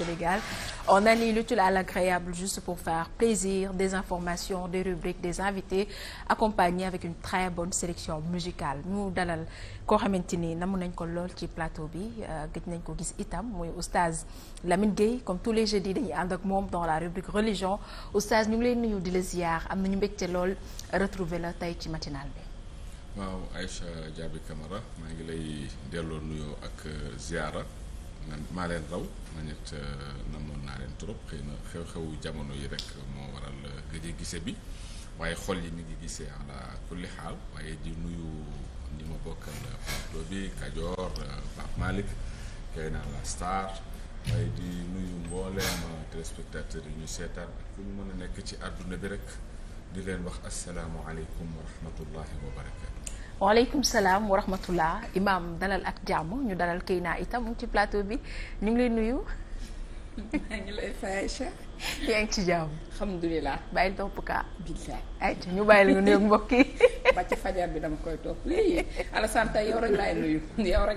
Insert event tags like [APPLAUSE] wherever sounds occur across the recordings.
Sénégal. On lu l'utile à l'agréable juste pour faire plaisir, des informations, des rubriques, des invités, accompagnés avec une très bonne sélection musicale. ñu dalal koo xamante ni namu nañ ko lool ci plateau bi euh, gëj nañ ko gis itam mooy muy oustaz Lamine Gueye comme tous les jeudis dañuy ànd ak moom dans la rubrique religion oustaz ñu ngi lay nuyu di la ziar am nañu mbégte lool retrouver la tey ci matinal bi. waaw Aïcha Diaby Camara maa ngi lay maa leen raw man it euh, namoon naa leen trop xëy na xew-xewu jamono yi rek moo waral euh, gëjee gise bi waaye xol yi mi ngi gisee ala kulli xaal waaye di nuyu ni ma bokkal euh, plateau bi Kajoor Pape Malick kay la star waaye di nuyu mbooleem téléspectateurs yi ñu seetaan ak fu ñu mën a nekk ci àdduna bi rek di leen wax asalaamualeykum wa rahmatullahi wa barakatu waaleykum salaam wa rahmatullah imaam dalal ak jàmm ñu dalal Keyna itam ci plateau bi ñu ngi lay nuyu. [LAUGHS] maa ngi lay [LAUGHS] yaa ngi ci jàmm. alhamdulilah bàyyi topp kaa. billaay ay ñu bàyyi lu nga nuyoog mbokk yi. [LAUGHS] ba fajar bi dama koy topp léegi Alassane tey yow rek laay nuyu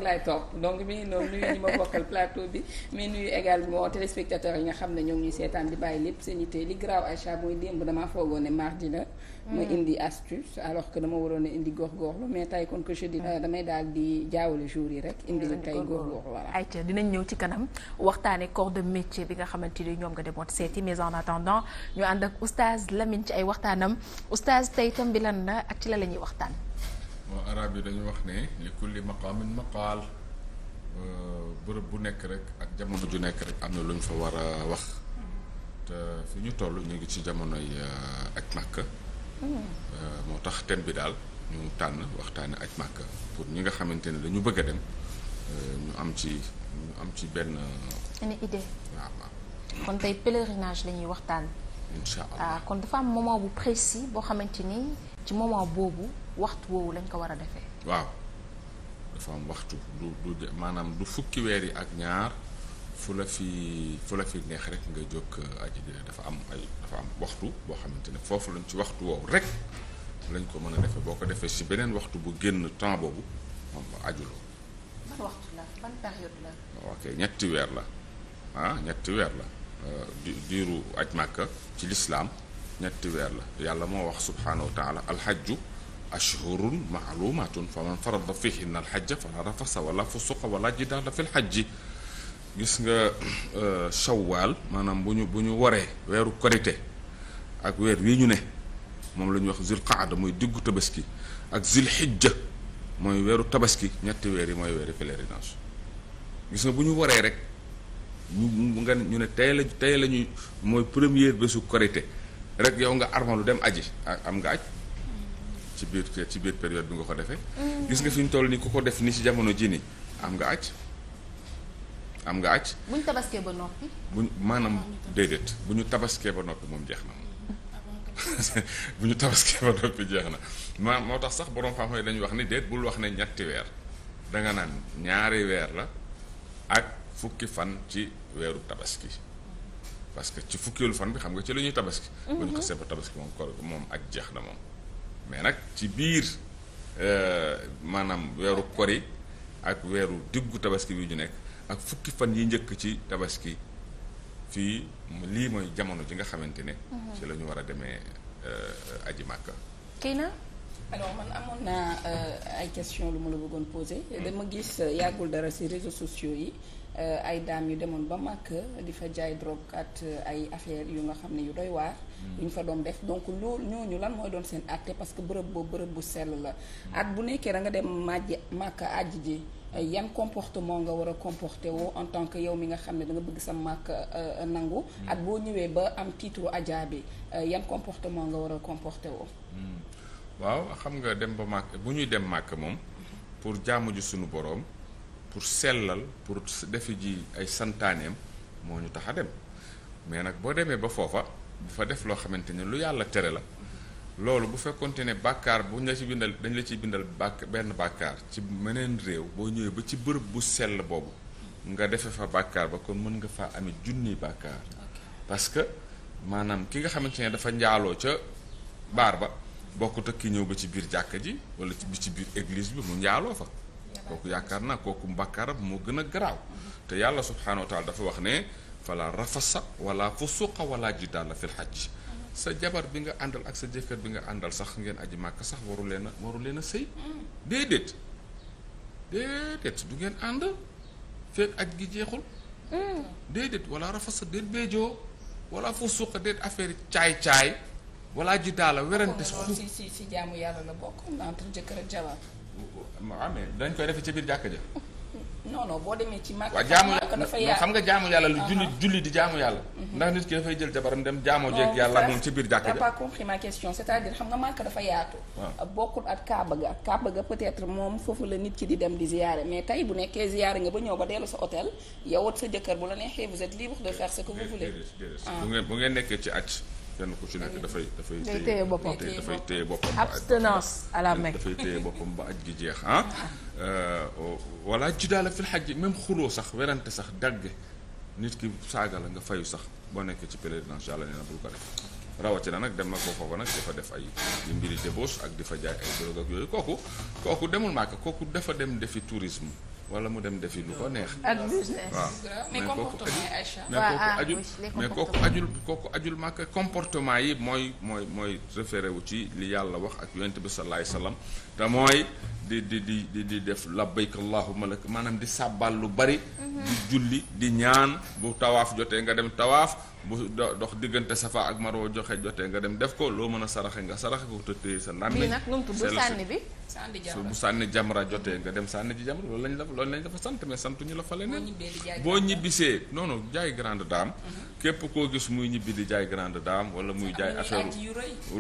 laay topp donc mi ngi noonu nuyu ñi ma bokkal plateau bi mi nuyu également téléspectateurs yi nga xam ne ñoom ñu seetaan di bàyyi lépp seen yitte li garaaw Aïcha mooy démb damaa foogoon ne mardi la. ma mm. indi astuce alors que dama waroon a indi góorgóorlu mais tey kon que je dis euh, damay daal di jaawale jour yi rek. indi la tey góorgóorlu voilà. ayca dinañ ñëw ci kanam waxtaanee corps de métier bi nga xamante ni ñoom nga demoon seet métti mais en attendant ñu ànd ak oustaz Lamine ci ay waxtaanam oustaz tey itam bi lan la ak ci la la waxtaan. waaw arab yi dañu wax ne li kulli maqaamin maqaal euh, bërëb bu nekk rek ak jamono ju nekk rek am na lu ñu fa war a wax te fi ñu toll ñu ngi ci jamonoy euh, ak màkk euh, moo tax thème bi daal ñu tànn waxtaane ak màkk pour ñi nga xamante ne dañu bëgg a dem ñu am ci ñu am ci benn. une waaw. kon tey pèlerinage la waxtaan. incha allah ah, kon dafa am moment bu précis boo xamante ni ci moment boobu waxtu woowu lañ ko war a defee. waaw dafa am waxtu maanaam du fukki weer yi ak ñaar fu la fi neex rek nga jóg euh, aji dafa am dafa am waxtu boo xamante ne foofu lañ ci waxtu woowu rek lañ ko mën a defee boo ko defee si beneen waxtu bu génn temps boobu moom ajuloo. ban waxtu la ban période la. ok ñetti weer la ah ñetti weer la. diiru aj màkka ci lislaam ñetti weer la yàlla moo wax subhaanahu wa taala alxajju ashhurun maalumatun fa man farada fihinna alxajja fala rafasa wala fusuqa wala jidaala fi lxajji gis nga euh, shawwaal maanaam bu ñu bu ñu waree weeru korite ak weer wii ñu ne moom la ñuy wax zul qaada mooy diggu tabaski ak zul xijja mooy weeru tabaski ñetti weer yi mooy weeri pèlerinage gis nga bu ñu waree rek mu nga ñu ne tey la tey la ñuy mooy première bésu korité rek yow nga armalu dem aji am nga aj ci biir ci biir période bi nga ko defee mm. gis nga fi ñu toll ku ko def ni ci jamono ji ni am nga aj am nga aj bu ñu tabaskee ba noppi maanaam déedéet bu ñu tabaskee ba noppi moom jeex na [LAUGHS] bu ñu tabaskee ba noppi na ma moo tax sax borom xam-xam yi dañuy wax ni déet bul wax ne ñetti weer danga naan ñaari weer la fukki fan ci weeru tabaski parce que ci fukkeelu fan bi xam nga ci la ñuy tabaski mhm. bu ñu xasee ba tabaski moom ko moom ak jeex na moom mais nag ci biir euh, maanaam weeru kori ak weeru diggu tabaski bi ñu nekk ak fukki fan yi njëkk ci tabaski fii lii mooy jamono ji nga xamante ne mhm. ci lañu war a demee euh, aji màkka kii na alors amoon naa euh, ay question lu ma la bëggoon poser dama gis yàggul dara ci réseaux sociaux yi Euh, ay daam yu demoon ba màkk di fa jaay drogue at euh, ay affaire yu nga xam ne yu doy waar hmm. yu ñu fa doon def donc loolu ñooñu lan mooy doon seen àtte parce que bërëb boobu bërëb bu sell la hmm. at bu nekkee da nga dem màjji màkk àjji ji yan comportement nga war a comporté woo en tant que yow mi nga xam ne da bëgg sa màkk euh, nangu hmm. at boo ñëwee ba am titre ajaa bi yan comportement nga war a comporté woo xam nga dem ba màkk bu ñuy dem màkk moom pour jàmm ji sunu boroom pour sellal pour defi ji ay santaaneem moo ñu tax a dem mais nag boo demee ba foofa bu fa def loo xamante ne lu yàlla tere la loolu bu fekkonte ne bàkkaar bu ñu la ci bindal dañ la ciy bindal bàkk benn bàkkaar ci meneen réew boo ñëwee ba ci bërëb bu sell boobu nga defe fa bàkkaar ba kon mën nga faa amee junni bàkkaar parce que maanaam ki nga xamante ne dafa njaaloo ca baar ba bokkut ak ki ñëw ba ci biir jàkka ji wala ci bi ci biir église bi mu njaaloo fa kooku yaakaar naa kooku mbàkkaaram moo gën a garaaw te yàlla subhaanahu wa taala dafa wax ne fala rafasa wala fusuqa wala jidaala fil hajj sa jabar bi nga àndal ak sa jëkkër bi nga àndal sax ngeen aji màkk sax waru leen a waru leen a sëy déedéet déedéet du ngeen ànd feeg aj gi jeexul déedéet wala rafasa déet béejoo wala fusuqa déet affaire caay-caay wala jidaala werante si si si jaamu yàlla la bokk entre jëkkër ak jabar waaw mais dañ koy defee ci biir jàkka ja. non boo demee ci màkk. waaw xam nga jaamu yàlla lu julli uh-huh. julli di jaamu yàlla. Mm-hmm. ndax nit ki dafay dem jaamoo jeeg yàlla moom ci biir jàkka ja. pas compris ma question c'est-à-dire xam nga màkk dafa yaatu. bokkul ak Kaaba ga Kaaba ga peut moom foofu la nit ki di dem di ziyaare mais tey bu nekkee ziyaare nga ba ñëw ba dellu sa hôtel yow ak sa jëkkër bu la neexee vous êtes libre de faire ce que vous voulez. Ah. bu ngeen nekkee ci acc kenn ko ci nekk dafay dafay téye boppam dafay téye boppam abstinence à la Mecque dafay téye boppam ba aj gi jeex ci ah. euh, wala jidaala fil xaj même xuloo sax werante sax dagge nit ki saaga la nga fayu sax boo nekkee ci pèlerinage yàlla nee bul ko def rawatina nag dem nag boo foofa nag dafa def ay mbiri débauche ak di fa jaay ak yooyu kooku kooku demul Màkka kooku dafa dem defi tourisme wala mu dem defi lu ko neex. ak ah, business waaw mais comportement Aïcha. mais kooku ah, ah, ajul kooku ajul màkk comportement yi mooy mooy mooy référé wu ci li yàlla wax ak yonent bi salaay salaam. te mooy di di di di def labbayk allahumma lak maanaam di sàbbal lu bari. Mm-hmm. di julli di ñaan bu tawaaf jotee nga dem tawaaf bu dox diggante safa ak maroo joxe jotee nga dem def ko loo mën a saraxe nga saraxe ko sa ndànk. bii sànni bu sànni jamra jotee nga dem sànni ji jamra loolu lañ la loolu lañ la fa sant mais santuñu la fa leneen. boo ñibbisee non non jaay grande dame. Mm-hmm. képp koo gis muy ñibbi di jaay grande daam wala muy jaay affaire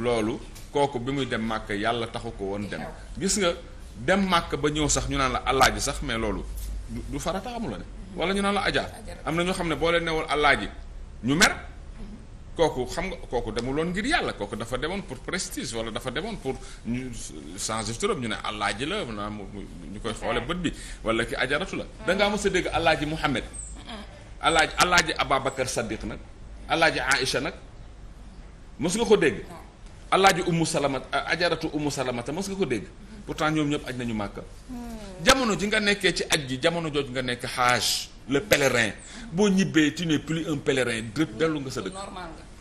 loolu. kooku bi muy dem màkk yàlla taxu ko woon dem gis nga dem màkk ba ñëw sax ñu naan la alaaji sax mais loolu du farata amu la de wala ñu naan la aja am na ñoo xam ne boo leen newoon allaaji ñu mer kooku xam nga kooku demuloon ngir yàlla kooku dafa demoon pour prestige wala dafa demoon pour ñu changer turam ñu ne alaaji la naa maanaam ñu koy xoole bët bi wala ki ajaratu la da ngaa mës a dégg alaaji Mouhamed alaaji alaaji Ababacar Saddiq nag alaaji Aïcha nag mës nga ko alaaji ummu salamat ajaratu ummu salamata mos nga ko dégg pourtant ñoom ñëpp aj nañu màkka hmm. jamono ji nga nekkee ci aj gi jamono jooj nga nekk xaaj le pèlerin boo ñibbee tu n'es un pèlerin dëpp dellu nga sa dëkk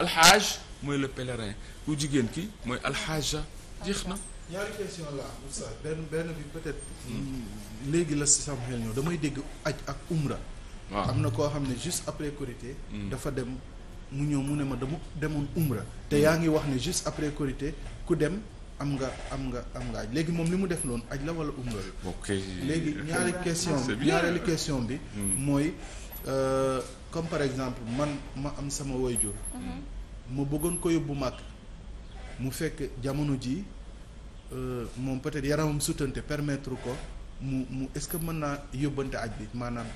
alxaaj mooy le pèlerin ku jigéen ki mooy alxaaja jeex na ñaari peut-être hmm, léegi la si sama xel ñëw damay dégg aj ak umra am na koo xam ne juste après Korité hmm. dafa dem mu ñëw mu ne ma dama demoon umra te yaa ngi wax ne juste après Korité ku dem am nga am nga am nga aj léegi moom li mu def loon aj la wala umra la léegi ñaari question ñaareelu question bi hmm. mooy euh, comme par exemple man ma am sama waajur mhm. ma bëggoon ko yóbbu mag mu fekk jamono ji euh, moom peut-être yaramam sutante permettre ko mu mu est-ce que mën naa yóbbante aj bi maanaam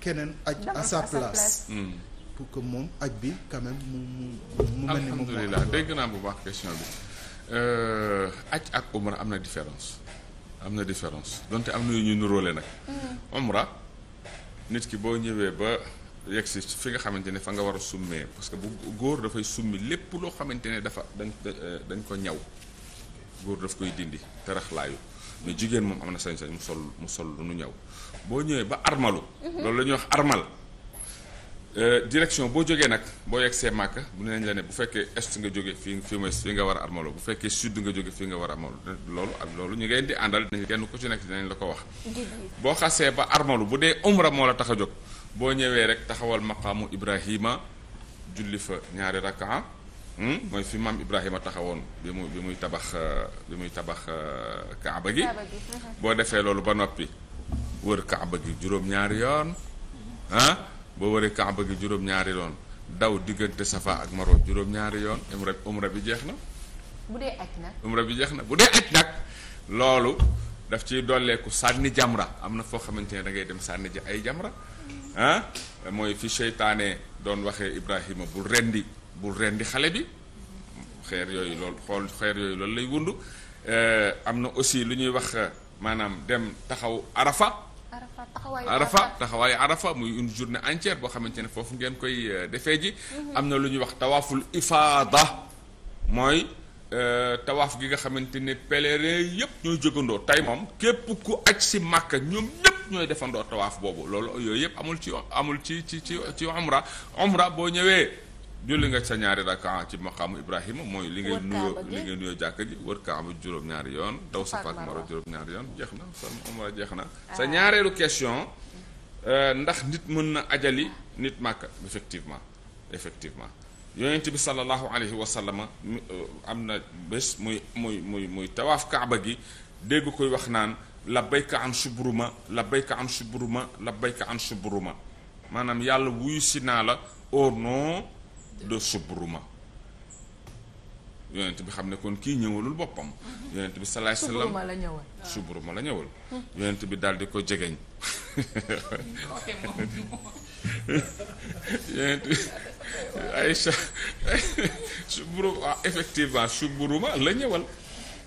keneen aj à sa place hmm. pour que moom aj bi quand même mu mu mu mel ni moom alhamdulilah dégg naa bu baax question bi euh, aj ak umra am na différence am na différence donte am na yu ñu nuróole nag mm. umra nit ki boo ñëwee ba yegg si fi nga xamante ne fa nga war a summee parce que bu góor dafay summi lépp loo xamante ne dafa dañ dañ ko ñaw góor daf koy dindi taraxlaayu mais jigéen moom am na sañ-sañ mu sol mu sol lu ñaw boo ñëwee ba armalu mm-hmm. loolu la ñuy wax armal Euh, direction boo jógee nag boo yegg see màkk bu nañ la ne bu fekkee est nga jóge fii fii mooy fii nga war a armalo bu fekkee sud nga jóge fii nga war a armalo loolu ak loolu ñu ngeen di àndal dinañ kenn ko ci nekk dinañ la ko wax boo xasee ba armalu bu dee umra moo la tax a jóg boo ñëwee rek taxawal maqaamu ibrahima julli fa ñaari rakaa hmm? mooy fi maam ibrahima taxawoon bi mu bi muy tabax euh, bi muy tabax euh, kaaba gi uh-huh. boo defee loolu ba noppi wër kaaba gi juróom-ñaari yoon ah? boo waree Kaaba gi juróom-ñaari yoon daw diggante Safa ak Marwa juróom-ñaari yoon umra umra bi jeex na. bu dee aj nag umra bi jeex na bu dee aj nag loolu daf ciy dolleeku sànni jamra am na foo xamante ne da ngay dem sànni ji ay jamra ah mooy fi seytaane doon waxee Ibrahima bul rendi bul rendi xale bi xeer yooyu lool xool xeer yooyu loolu lay wund eh, am na aussi lu ñuy wax maanaam dem taxaw Arafa. arafa taxawaayu arafa muy une journée entière boo xamante ne foofu ngeen koy euh, defee ji mhm. am na lu ñuy wax tawaaful ifaada mooy euh, tawaaf gi nga xamante ne pèlerin yëpp ñooy jógandoo tey moom képp ku aj si màkka ñoom ñëpp ñooy defandoo tawaaf boobu loolu yooyu yëpp amul ci amul ci ci ci ci omra omra boo ñëwee julli nga sa ñaari rakka ci maqaamu Ibrahima mooy li ngay nuyoo li ngay nuyoo jàkk ji wër kaaba juróom-ñaari yoon daw Safa ak Marwa juróom-ñaari yoon jeex na sa umra jeex na sa ah. ñaareelu question euh, ndax nit mën na ajali nit màkka effectivement effectivement yonent bi sallallahu alayhi wa sallama euh, am na bés muy muy muy muy tawaaf kaaba gi dégg koy wax naan labbayka an suburuma labbayka an suburuma labbayka an suburuma maanaam yàlla wuyu si naa la au oh nom de subruma yonent bi xam ne kon kii ñëwalul boppam yonent bi salaay salaam subruma la ñëwal yonent bi daal di ko jegeñ [LAUGHS] yonent bi Aïcha subruma ah, effectivement subruma la ñëwal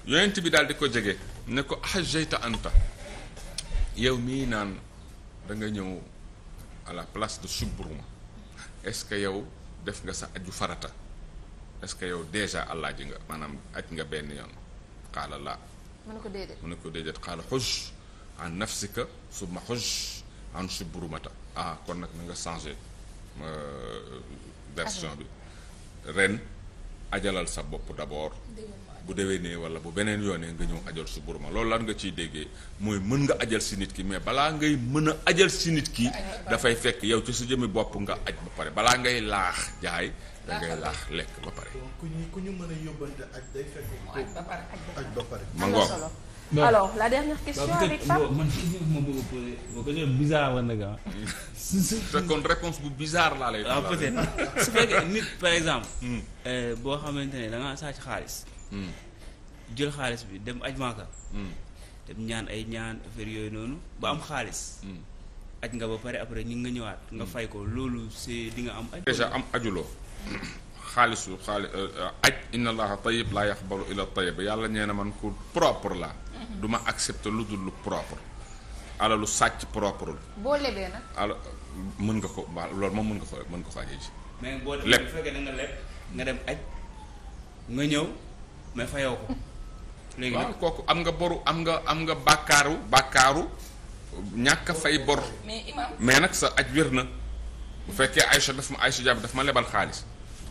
yonent bi daal di ko jege ne ko ahajjayta anta yow mii naan da nga ñëw à la place de subruma est-ce que yow def nga sa aju farata est-ce que yow déjà allah ji nga maanaam aj nga benn yoon xaala laa mu ne ko déedéet mu ne ko déedéet xaala xuj an nafsika suma xuj ah kon nag na nga changé euh, version bi ren ajalal sa bopp d'abord bu déwénee wala bu beneen yoonee nga ñëw ajal si burma loolu lan nga ci déggee mooy mën nga ajal si nit ki mais balaa ngay mën a ajal si nit ki dafay fekk yow ci su jëmi bopp nga aj ba pare balaa ngay laax jaay da ngay laax lekk ba pare. ku ñu ku ñu mën a yóbbante question avec Pape man [LAUGHS] [LAUGHS] kon réponse bu bizarre laa lay. waaw ah, peut [LAUGHS] su fekkee nit par exemple. Hmm. Euh, boo xamante ne da ngaa sàcc xaalis. Hmm. jël xaalis bi dem aj maaka hmm. dem ñaan ay ñaan affaire yooyu noonu ba am xaalis hmm. aj nga ba pare après ñu nga ñëwaat nga fay ko loolu c'est di nga am aj déjà am ajuloo [CLEARS THROAT] xaalisu xaalis euh, euh, aj inna allaha tayyib laa yaqbalu illa tayyib yàlla nee na man ku propre la du ma accepter lu dul lu propre alalu sàcc propre la boo lebee nag ala mën nga ko waa loolu moom mën nga ko mën nga ko ajee ji mais boo bu fekkee da nga leb nga dem aj nga ñëw mais fayoo ko. léegi nag kooku am nga boru am nga am nga bàkkaaru bàkkaaru ñàkk fay bor. mais nag sa aj wér na. bu fekkee Aïcha daf ma Aïcha Diaby daf ma lebal xaalis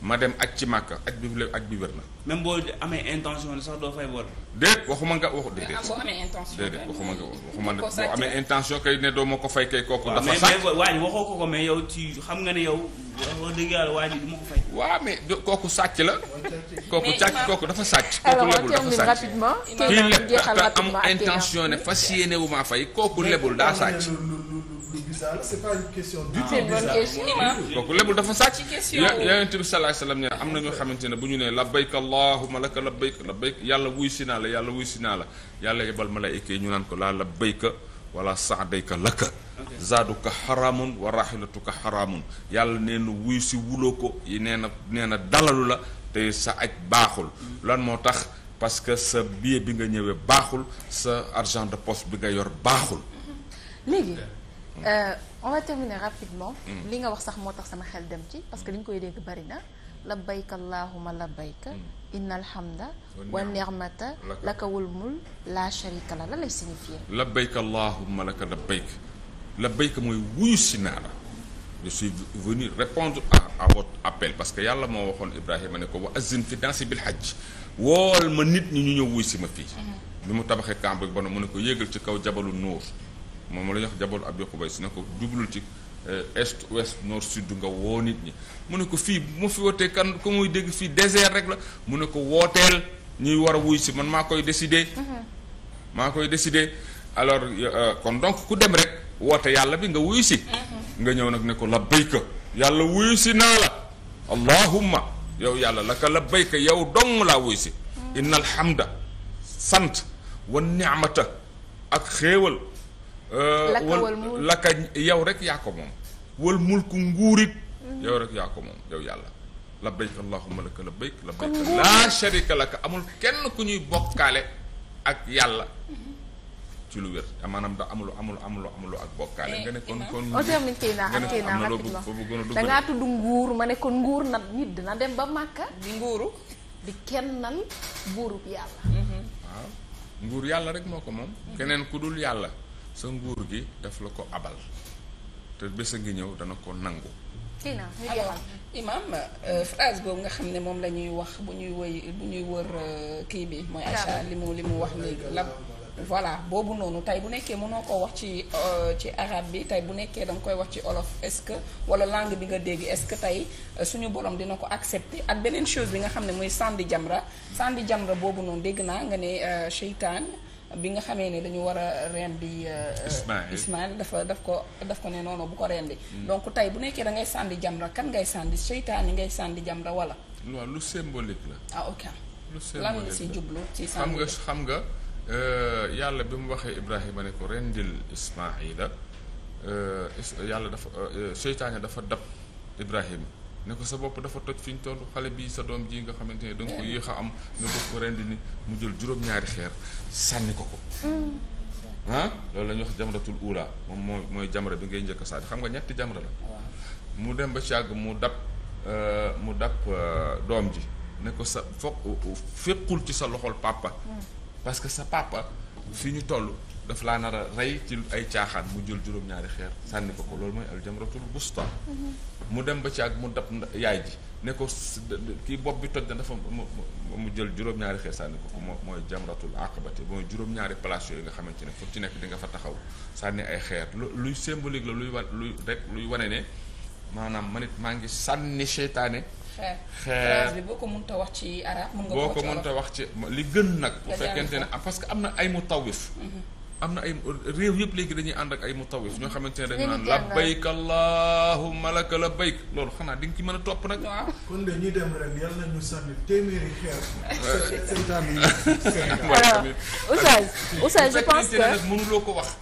ma dem aj ci màkka aj bi aj bi wér na. même boo amee intention sax doo fay bor. déet waxuma nga wax déedéet. Ah, boo amee intention déedéet waxuma nga waxuma ne boo amee intention kay ne doo ma ko fay kay kooku. dafa sax waaye waxoo ko ko mais yow ci xam nga ne yow. wax dëgg waa mais kooku sàcc la. kooku sàcc kooku dafa sàcc. kooku lebul dafa sàcc kii leb dafa am intention ne fas yéene wu maa fay kooku lebul daa sàcc. c'est kooku lebul dafa sàcc yonent bi salaay salaam nee na am na ñoo xamante ne bu ñu nee labbayk allahumma laka labbayk labbayk yàlla wuy naa la yàlla wuy naa la yàlla yebal malaayika yi ñu naan ko laa labbayka wala saadayka lakka zaaduka xaraamun wa rahilatuka xaraamun yàlla nee na wuy si wuloo ko yi nee na nee na dalalu la te sa aj baaxul lan moo tax parce que sa billet bi nga ñëwee baaxul sa argent de poste bi nga yor baaxul mhm. léegi euh, on va mm. nga wax sax moo tax sama xel dem ci parce que li ñu koy dégg bari na labbayk allahumma labbayk hmm. innal hamda wa ni'mata laka wal mulk la sharika la la lay signifier labbayk allahumma laka labbayk labbayk mooy wuyu si naa la je suis venu répondre à à appel parce que yàlla moo waxoon Ibrahima ne ko wa azin fi dansi bil hajj wool ma nit ñi ñu ñëw wuy si ma fii hmm. bi mu tabaxee camp rek ba mu ne ko yéegal ci kaw jabalu nuur moom la ñuy wax jabalu abi xubay si ne ko jublul ci Euh, est ouest nord sud nga woo nit ñi mu ne ko fii bu ma fi wootee kan ko muy dégg fii désert rek la mu ne ko wooteel ñuy war a wuy si man maa koy décider. Mm-hmm. maa koy décider alors euh, kon donc ku dem rek woote yàlla bi nga wuy si. Mm-hmm. nga ñëw nag ne ko labbayka yàlla wuyu si naa la allahumma yow yàlla laka labbayka yow dong laa wuy si. Mm-hmm. inna alhamda sant wa ni'mata ak xéewal. Euh, lakawal lakka yow rek yaa ko moom. wal mulku nguurit mm-hmm. yow rek yaa ko moom yow yàlla labbayk allahumma laka labbayk labbayk laa sharika laka amul kenn ku ñuy bokkaale ak yàlla mm-hmm. ci lu wér maanaam da amuloo amul amul amuloo ak bokkaale eh, nga ne kon kon automit kii naa kii naa rapidement tudd nguur ma ne kon nguur nag nit dina dem ba màkka di nguuru di kennal buurub yàlla mm-hmm. nguur yàlla rek moo ko moom keneen ku dul yàlla sa nguur gi daf la ko abal te bés a ngi ñëw dana ko nangu. alors imam euh, phrase boobu nga xam ne moom la ñuy wax bu ñuy wëy bu ñuy wër euh, kii bi mooy Aïcha li mu li mu wax léegi la voilà boobu noonu tey bu nekkee mënoo ko wax ci euh, ci arabe bi tey bu nekkee da nga koy wax ci olof est-ce que wala langue bi nga dégg est-ce que tey suñu borom dina ko accepter ak beneen chose bi nga xam ne mooy sandi jamra sandi jamra boobu noonu dégg naa nga ne seytaan bi nga xamee ne dañu war a rendi euh, euh, Ismaël dafa daf ko daf ko ne noonu bu ko rendi mm. donc tey bu nekkee da ngay sàndi jamra kan ngay sàndi seytaan yi ngay sàndi jamra wala waaw lu symbolique la ah ok lu symbolique lan si jublu ci xam nga xam nga euh, yàlla bi mu waxee Ibrahima ne ko rendil Ismaïla yàlla dafa seytaane dafa dab Ibrahima ne ko sa bopp dafa toj fi ñu toll xale bii sa doom ji nga xamante ne da nga ko yéex am nga bëgg ni mu jël juróom-ñaari sànni ko ko ah loolu la ñuy wax jamratul ula moom mooy mooy jamra bi ngay njëkk a sànni xam nga ñetti jamra mu dem ba ci yàgg mu dab euh, mu dab euh, doom ji ne ko sa foog fekkul ci sa loxol papa mm. parce que sa papa fi ñu toll dafa laa nar a rey ci ay caaxaan mu jël juróom-ñaari xeer sànni ko ko loolu mooy al jamratul busta mu dem ba ci ak mu dab yaay ji ne ko kii bopp bi toj na dafa mu jël juróom-ñaari xeer sànni ko ko moo mooy jamratul aqabati mooy juróom-ñaari place yooyu nga xamante ne fu ci nekk di nga fa taxaw sànni ay xeer luy symbolique la luy wa luy rek luy wane ne maanaam man it maa ngi sànni seytaane xeer bi boo ko mënta wax ci boo ko mënta wax ci li gën nag bu fekkente ne parce que am na ay mu tawif mhm. am na ay réew yëpp léegi dañuy ànd ak ay mutawif ñoo xamante ne dañu naan labbayk allahumma laka labbayk loolu xanaa di nga ci mën a topp nag. kon de ñu dem rek yal nañu sànni téeméeri [LAUGHS] que mënuloo ko wax.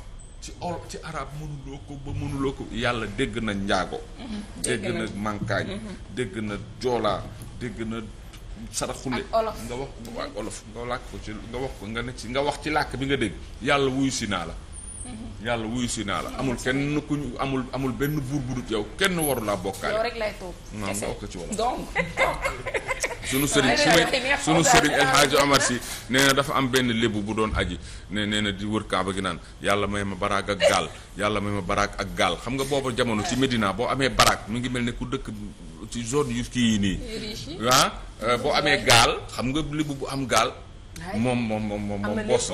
ci ol ci araab mënuloo ko ba mënuloo ko yàlla dégg na njaago mhm. dégg na mankaañ mhm. dégg na joola dégg na saraxule nga nga làkk ko ci nga wax ko nga ne ci nga wax ci làkk bi nga dégg yàlla wuyusi naa la yàlla wuyu si naa la amul kenn ku ñu amul amul benn buur bu dut yow kenn waru laa bokkaale ko ci wolof sunu sëriñ su may sunu sëriñ El Hadji Omar Sy na dafa am benn lébu bu doon aji ne nee na di wër kaaba gi naan yàlla may ma baraag ak gaal yàlla may ma baraag ak gaal xam nga booba jamono ci Medina boo amee baraag mu ngi mel ni ku dëkk ci zone yu kii yi nii waa Euh, boo amee gaal xam nga li bu am gaal. moom moom moom moom moom bos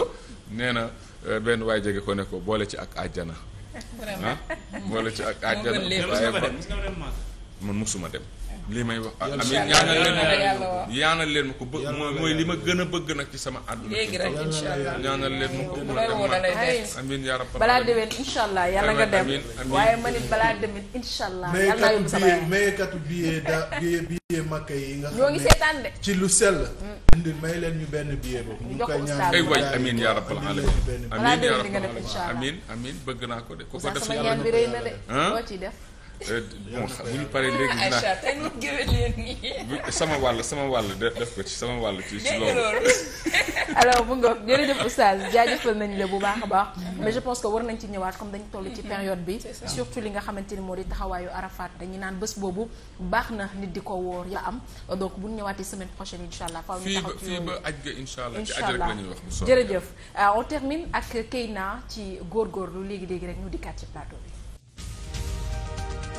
nee na euh, benn waay jege ko ne ko boole ci ak àjjana. Ah? boole ci ak àjjana. man mosuma dem. li may wax am ñaanal leen leen ma ko bë mooy li ma gën a bëgg nag ci sama àdduna. léegi rek incha allah ñaanal leen ma ko mu dem amiin yaa rabbal balaa déwén incha allah yàlla nga dem waaye man it balaa déwén incha allah yàlla naa yóbbu sama yaay. maykatu billet maykatu billet da billet. billet yi nga xam ne ci lu sell. indil may leen ñu benn billet boobu. ñu koy ñaan ay waay amiin yaa rabbal alamin amiin yaa rabbal alamin amiin bëgg naa ko de. ko ko def yàlla na ko yàlla de Euh, bon bu ñu paree léegi dinaa sama wàll sama wàll def ko ci sama wàll ci ci loolu [LAUGHS] alors bu ngoog jërëjëf oustaz jaajëfal nañ la bu baax a baax mais je pense que war nañ ci ñëwaat comme dañ toll ci période bi surtout li nga xamante ni moo di taxawaayu Arafat dañu naan bés boobu baax na nit di ko woor ya am donc bu ñu ñëwaatee semaine prochaine incha allah faaw ñu taxaw fii ba aj ga incha allah ci aj rek la ñuy wax jërëjëf euh, on termine ak léegi léegi rek ñu dikkaat